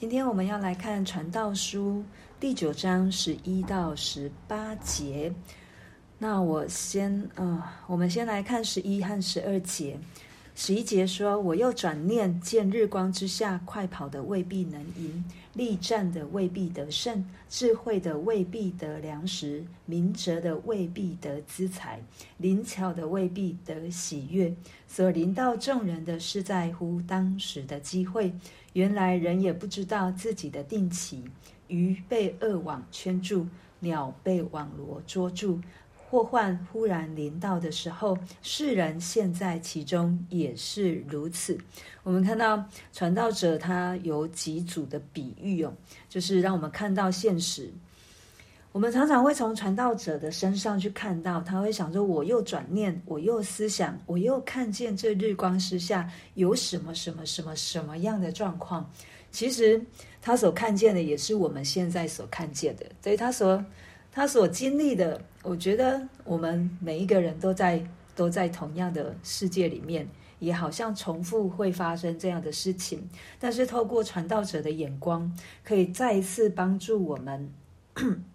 今天我們要來看《傳道書》第九章十一到十八節。那我先，呃，我們先來看十一和十二節。十一節說：“我又轉念，見日光之下，快跑的未必能贏，力戰的未必得勝，智慧的未必得糧食，明哲的未必得資財，靈巧的未必得喜悅。所以，臨到眾人的是在乎當時的機會。”原來人也不知道自己的定期，魚被惡網圈住，鳥被網羅捉住，禍患忽然臨到的時候，世人陷在其中也是如此。我們看到傳道者他有幾組的比喻哦，就是讓我們看到現實。我們常常會從傳道者的身上去看到，他會想說：“我又轉念，我又思想，我又看見這日光之下有什麼什麼什麼什麼樣的狀況。”其實他所看見的也是我們現在所看見的，所以他所他所經歷的，我覺得我們每一個人都在都在同樣的世界裡面，也好像重複會發生這樣的事情。但是透過傳道者的眼光，可以再一次幫助我們。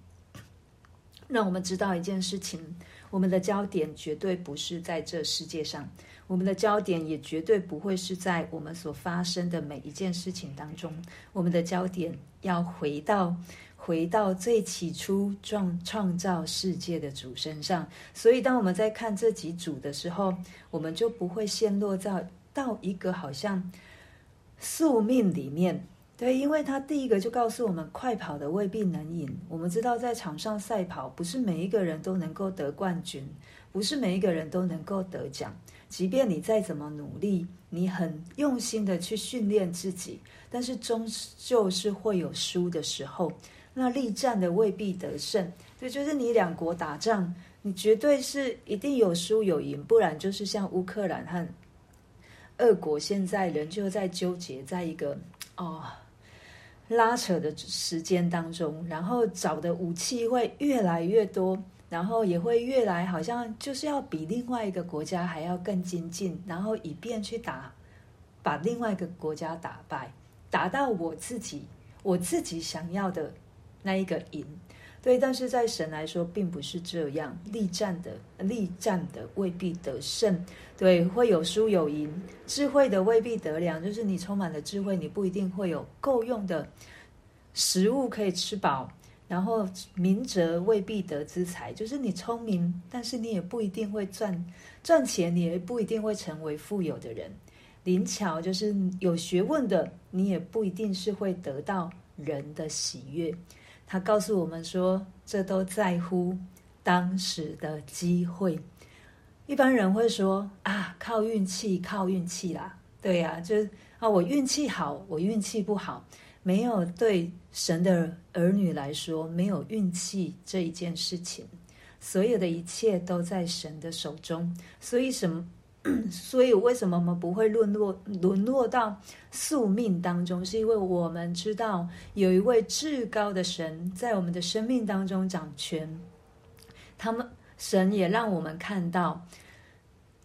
讓我們知道一件事情：我們的焦點絕對不是在這世界上，我們的焦點也絕對不會是在我們所發生的每一件事情當中。我們的焦點要回到回到最起初創創造世界的主身上。所以，當我們在看這幾組的時候，我們就不會陷落到到一個好像宿命裡面。對，因為他第一個就告訴我們，快跑的未必能贏。我們知道，在場上賽跑，不是每一個人都能夠得冠軍，不是每一個人都能夠得獎。即便你再怎麼努力，你很用心的去訓練自己，但是終究是會有輸的時候。那力戰的未必得勝。對，就是你兩國打仗，你絕對是一定有輸有贏，不然就是像烏克蘭和俄國現在仍舊在糾結在一個哦。拉扯的時間當中，然後找的武器會越來越多，然後也會越來好像就是要比另外一個國家還要更精進，然後以便去打，把另外一個國家打敗，打到我自己我自己想要的那一個贏。對，但是在神來說，並不是這樣。力戰的力戰的未必得勝，對，會有輸有贏。智慧的未必得糧，就是你充滿了智慧，你不一定會有夠用的食物可以吃飽。然後明哲未必得資財，就是你聰明，但是你也不一定會賺賺錢，你也不一定會成為富有的人。靈巧就是有學問的，你也不一定是會得到人的喜悅。他告訴我們說，這都在乎當時的機會。一般人會說啊，靠運氣，靠運氣啦。對呀、啊，就啊，我運氣好，我運氣不好，沒有，對神的兒女來說，沒有運氣這一件事情。所有的一切都在神的手中，所以什麼？所以，為什麼我們不會淪落淪落到宿命當中？是因為我們知道有一位至高的神在我們的生命當中掌權。他們神也讓我們看到，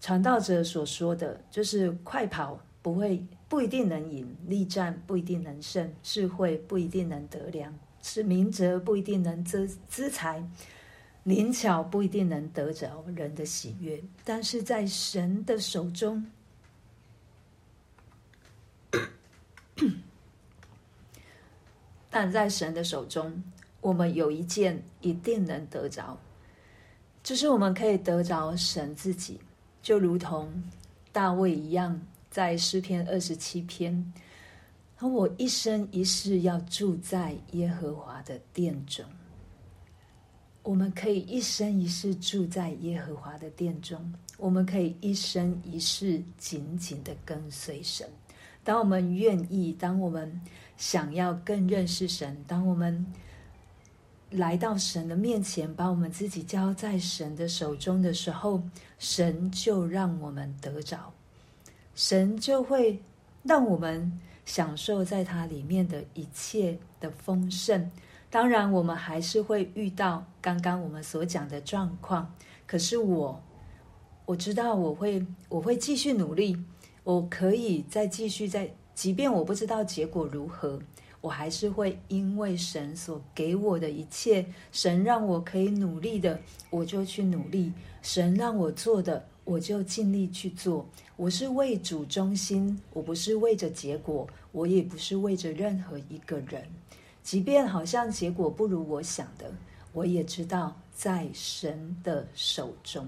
傳道者所說的就是：快跑不會不一定能贏，力戰不一定能勝，智慧不一定能得糧；是明哲不一定能資資財。靈巧不一定能得着人的喜悅，但是在神的手中， 但在神的手中，我們有一件一定能得着，就是我們可以得着神自己，就如同大衛一樣，在詩篇二十七篇，而我一生一世要住在耶和華的殿中。我們可以一生一世住在耶和華的殿中，我們可以一生一世緊緊的跟隨神。當我們願意，當我們想要更認識神，當我們來到神的面前，把我們自己交在神的手中的時候，神就讓我們得着，神就會讓我們享受在他裡面的一切的豐盛。當然，我們還是會遇到剛剛我們所講的狀況。可是我，我知道我會，我會繼續努力。我可以再繼續再，即便我不知道結果如何，我還是會因為神所給我的一切，神讓我可以努力的，我就去努力；神讓我做的，我就盡力去做。我是為主中心，我不是為着結果，我也不是為着任何一個人。即便好像結果不如我想的，我也知道在神的手中。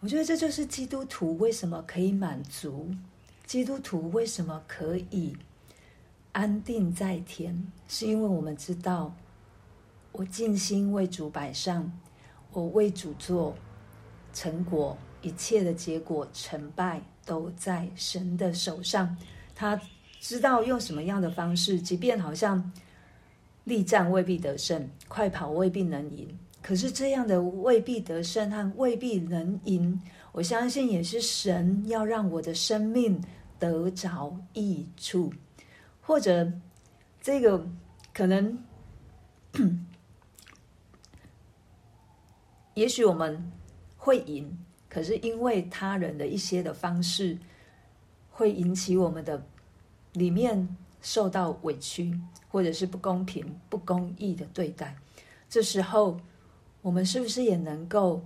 我覺得這就是基督徒為什麼可以滿足，基督徒為什麼可以安定在天，是因為我們知道，我盡心為主擺上，我為主做成果，一切的結果成敗都在神的手上，他。知道用什麼樣的方式，即便好像力戰未必得勝，快跑未必能贏。可是這樣的未必得勝和未必能贏，我相信也是神要讓我的生命得着益處，或者這個可能，也許我們會贏，可是因為他人的一些的方式會引起我們的。裡面受到委屈，或者是不公平、不公義的對待，這時候我們是不是也能夠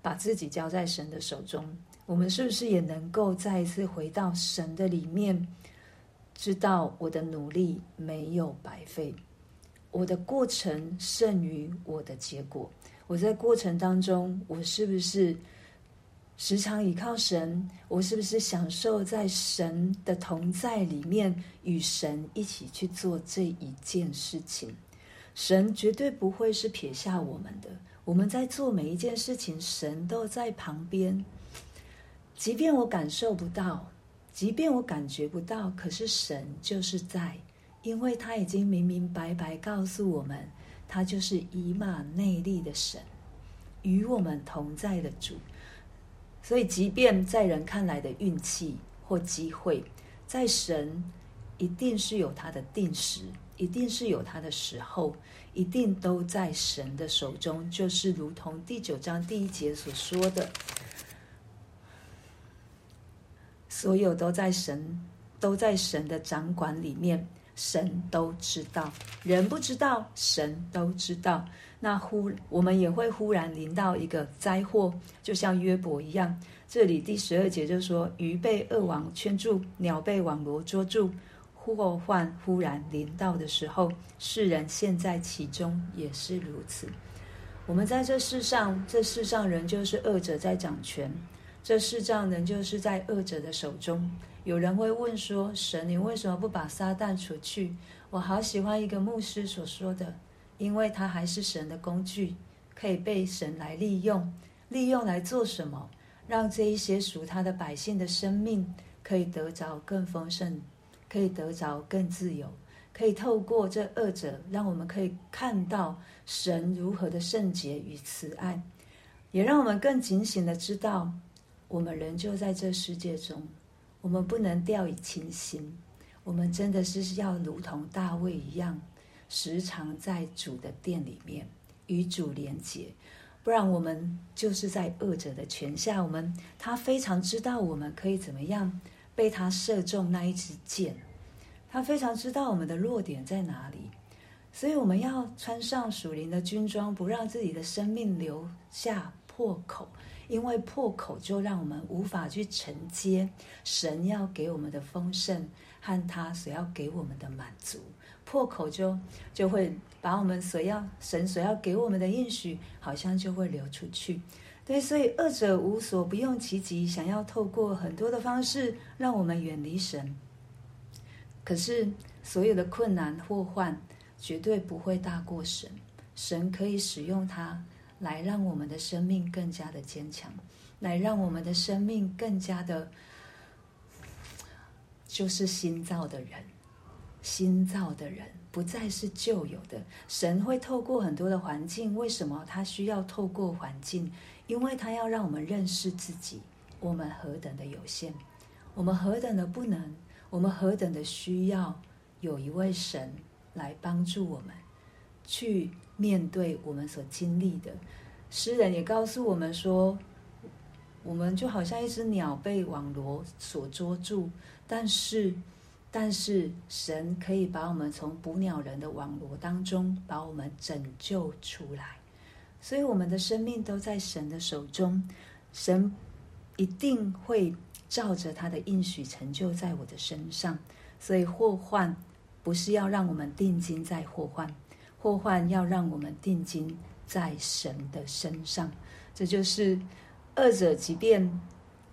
把自己交在神的手中？我們是不是也能夠再一次回到神的裡面，知道我的努力沒有白費，我的過程勝於我的結果？我在過程當中，我是不是？時常依靠神，我是不是享受在神的同在裡面，與神一起去做這一件事情？神絕對不會是撇下我們的。我們在做每一件事情，神都在旁邊。即便我感受不到，即便我感覺不到，可是神就是在，因為他已經明明白白告訴我們，他就是以馬內利的神，與我們同在的主。所以，即便在人看來的運氣或機會，在神一定是有他的定時，一定是有他的時候，一定都在神的手中。就是如同第九章第一節所說的，所有都在神，都在神的掌管裡面。神都知道，人不知道；神都知道，那忽我們也會忽然臨到一個災禍，就像約伯一樣。這裡第十二節就說：“魚被惡網圈住，鳥被網羅捉住，禍患忽然臨到的時候，世人陷在其中也是如此。”我們在這世上，這世上人就是惡者在掌權。這世上仍舊是在惡者的手中。有人會問說：“神，你為什麼不把撒旦除去？”我好喜歡一個牧師所說的：“因為他還是神的工具，可以被神來利用，利用來做什麼？讓這一些屬他的百姓的生命可以得着更豐盛，可以得着更自由，可以透過這惡者，讓我們可以看到神如何的聖潔與慈愛，也讓我們更警醒的知道。”我們人就在這世界中，我們不能掉以輕心。我們真的是要如同大衛一樣，時常在主的殿裡面與主連接，不然我們就是在惡者的權下。我們他非常知道我們可以怎麼樣被他射中那一支箭，他非常知道我們的弱點在哪裡，所以我們要穿上屬靈的軍裝，不讓自己的生命留下破口。因為破口就讓我們無法去承接神要給我們的豐盛和他所要給我們的滿足，破口就就會把我們所要神所要給我們的應許，好像就會流出去。對，所以惡者無所不用其極，想要透過很多的方式讓我們遠離神。可是所有的困難禍患絕對不會大過神，神可以使用它。來讓我們的生命更加的堅強，來讓我們的生命更加的，就是新造的人，新造的人不再是舊有的。神會透過很多的環境，為什麼他需要透過環境？因為他要讓我們認識自己，我們何等的有限，我們何等的不能，我們何等的需要有一位神來幫助我們去。面對我們所經歷的，詩人也告訴我們說，我們就好像一隻鳥被網羅所捉住，但是，但是神可以把我們從捕鳥人的網羅當中把我們拯救出來，所以我們的生命都在神的手中，神一定會照着他的應許成就在我的身上，所以禍患不是要讓我們定睛在禍患。禍患要讓我們定睛在神的身上，這就是惡者。即便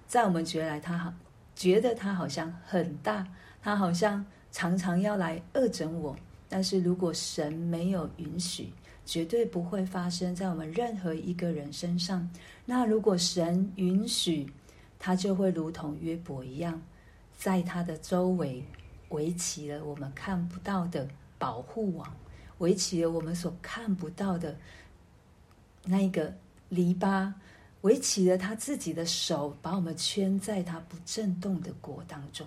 在我們覺來，他好覺得他好像很大，他好像常常要來惡整我。但是如果神沒有允許，絕對不會發生在我們任何一個人身上。那如果神允許，他就會如同約伯一樣，在他的周圍圍起了我們看不到的保護網。圍起了我們所看不到的那一個籬笆，圍起了他自己的手，把我們圈在他不震動的國當中，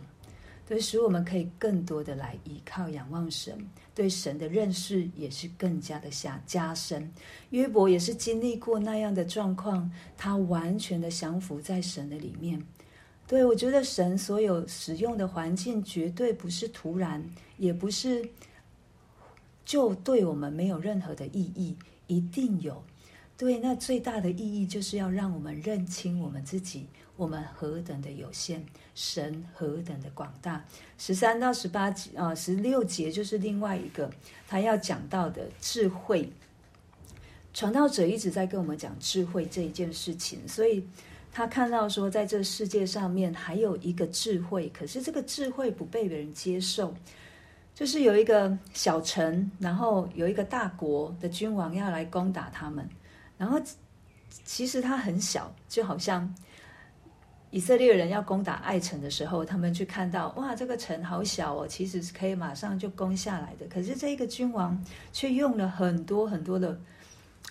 對，使我們可以更多的來依靠仰望神，對神的認識也是更加的想加深。約伯也是經歷過那樣的狀況，他完全的降服在神的裡面。對，我覺得神所有使用的環境絕對不是突然，也不是。就對我們沒有任何的意義，一定有，對，那最大的意義就是要讓我們認清我們自己，我們何等的有限，神何等的廣大。十三到十八節啊，十六節就是另外一個他要講到的智慧。傳道者一直在跟我們講智慧這一件事情，所以他看到說，在這世界上面還有一個智慧，可是這個智慧不被別人接受。就是有一個小城，然後有一個大國的君王要來攻打他們。然後其實他很小，就好像以色列人要攻打艾城的時候，他們去看到，哇，這個城好小哦，其實是可以馬上就攻下來的。可是這個君王卻用了很多很多的，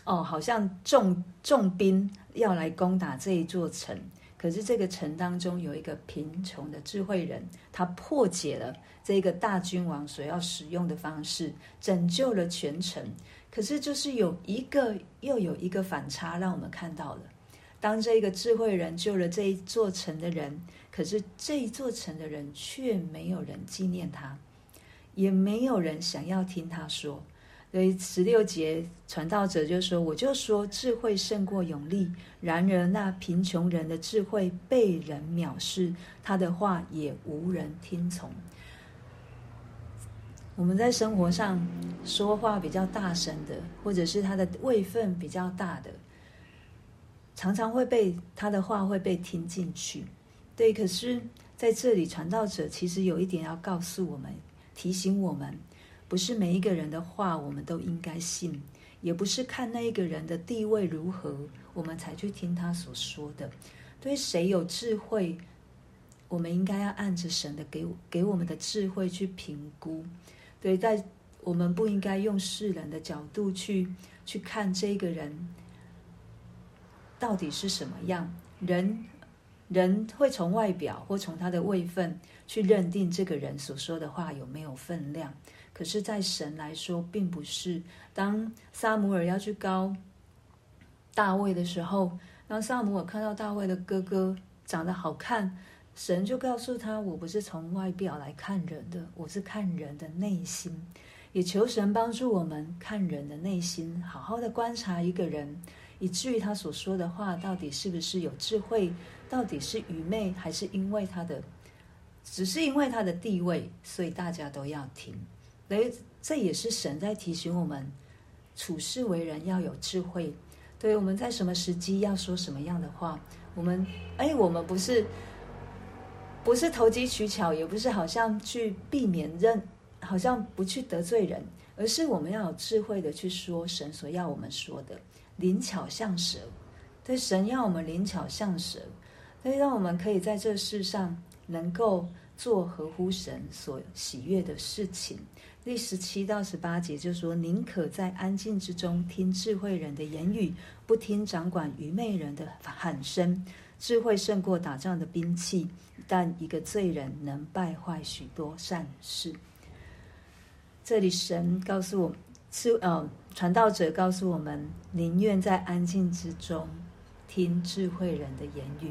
哦，好像重重兵要來攻打這一座城。可是這個城當中有一個貧窮的智慧人，他破解了這個大君王所要使用的方式，拯救了全城。可是就是有一個又有一個反差，讓我們看到了。當這個智慧人救了這一座城的人，可是這一座城的人卻沒有人紀念他，也沒有人想要聽他說。所以十六節傳道者就說：“我就說智慧勝過勇力。”然而那貧窮人的智慧被人藐視，他的話也無人聽從。我們在生活上說話比較大聲的，或者是他的位分比較大的，常常會被他的話會被聽進去。對，可是在這裡傳道者其實有一點要告訴我們，提醒我們。不是每一個人的話，我們都應該信；也不是看那一個人的地位如何，我們才去聽他所說的。對，誰有智慧，我們應該要按着神的給給我們的智慧去評估。對，在我們不應該用世人的角度去去看這個人到底是什麼樣人。人會從外表或從他的位分去認定這個人所說的話有沒有分量，可是，在神來說，並不是。當撒母耳要去膏大衛的時候，當撒母耳看到大衛的哥哥長得好看，神就告訴他：“我不是從外表來看人的，我是看人的內心。”也求神幫助我們看人的內心，好好的觀察一個人。以至於他所說的話到底是不是有智慧，到底是愚昧，還是因為他的，只是因為他的地位，所以大家都要聽。所以這也是神在提醒我們，處世為人要有智慧。對，我們在什麼時機要說什麼樣的話，我們，哎，我們不是不是投機取巧，也不是好像去避免認，好像不去得罪人，而是我們要有智慧的去說神所要我們說的。靈巧像蛇，對，神要我們靈巧像蛇，所以讓我們可以在這世上能夠做合乎神所喜悅的事情。第十七到十八節就說：寧可在安靜之中聽智慧人的言語，不聽掌管愚昧人的喊聲。智慧勝過打仗的兵器，但一個罪人能敗壞許多善事。這裡神告訴我們。是，嗯，傳道者告訴我們，寧願在安靜之中聽智慧人的言語，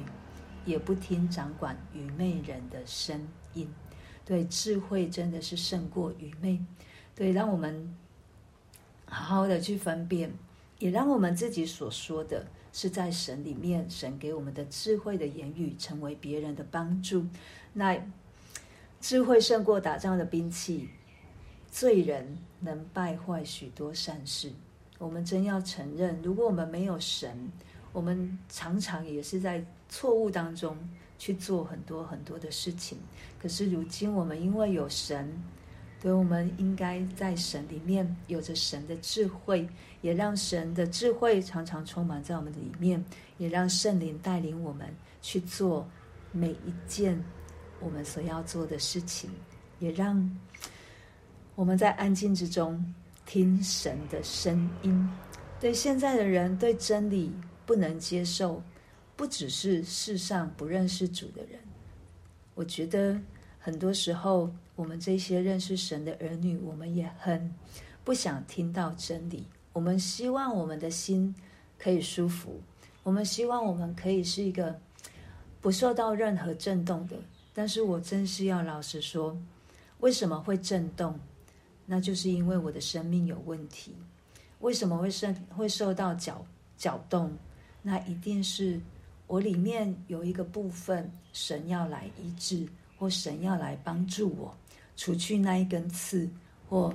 也不聽掌管愚昧人的聲音。對，智慧真的是勝過愚昧。對，讓我們好好的去分辨，也讓我們自己所說的是在神裡面，神給我們的智慧的言語，成為別人的幫助。那智慧勝過打仗的兵器，罪人。能敗壞許多善事，我們真要承認，如果我們沒有神，我們常常也是在錯誤當中去做很多很多的事情。可是如今我們因為有神，所以我們應該在神裡面有着神的智慧，也讓神的智慧常常充滿在我們裡面，也讓聖靈帶領我們去做每一件我們所要做的事情，也讓。我們在安靜之中聽神的聲音。對現在的人，對真理不能接受，不只是世上不認識主的人。我覺得很多時候，我們這些認識神的兒女，我們也很不想聽到真理。我們希望我們的心可以舒服，我們希望我們可以是一個不受到任何震動的。但是我真是要老實說，為什麼會震動？那就是因為我的生命有問題，為什麼會生會受到攪攪動？那一定是我裡面有一個部分，神要來醫治，或神要來幫助我，除去那一根刺，或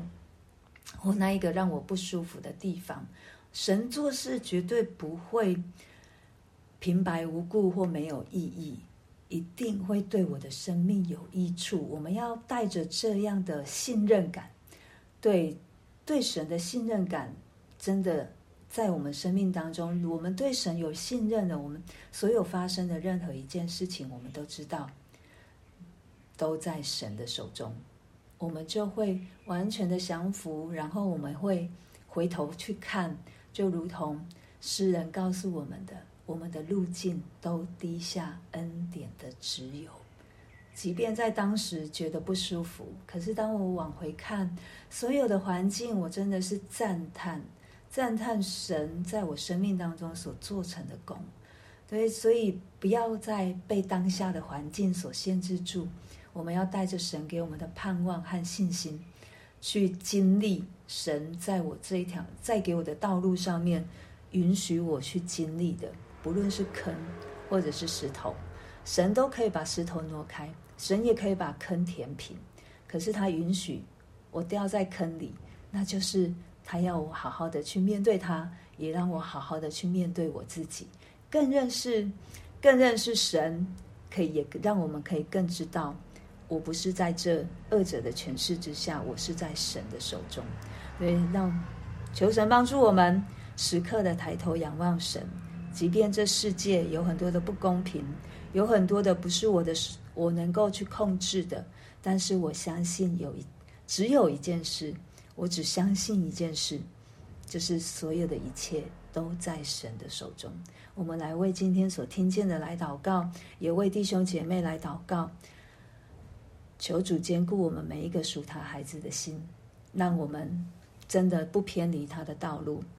或那一個讓我不舒服的地方。神做事絕對不會平白無故或沒有意義，一定會對我的生命有益處。我們要帶着這樣的信任感。對，對神的信任感，真的在我們生命當中，我們對神有信任的，我們所有發生的任何一件事情，我們都知道，都在神的手中，我們就會完全的降服，然後我們會回頭去看，就如同詩人告訴我們的，我們的路徑都低下恩典的只有。即便在當時覺得不舒服，可是當我往回看，所有的環境，我真的是讚嘆讚嘆神在我生命當中所做成的功，對，所以不要再被當下的環境所限制住，我們要帶着神給我們的盼望和信心，去經歷神在我這一條在給我的道路上面，允許我去經歷的，不論是坑或者是石頭，神都可以把石頭挪開。神也可以把坑填平，可是他允許我掉在坑裡，那就是他要我好好的去面對他，也讓我好好的去面對我自己，更認識、更認識神，可以也讓我們可以更知道，我不是在這惡者的權勢之下，我是在神的手中。所以，讓求神幫助我們，時刻的抬頭仰望神，即便這世界有很多的不公平，有很多的不是我的。我能夠去控制的，但是我相信有一，只有一件事，我只相信一件事，就是所有的一切都在神的手中。我們來為今天所聽見的來禱告，也為弟兄姐妹來禱告，求主堅固我們每一個屬他孩子的心，讓我們真的不偏離他的道路。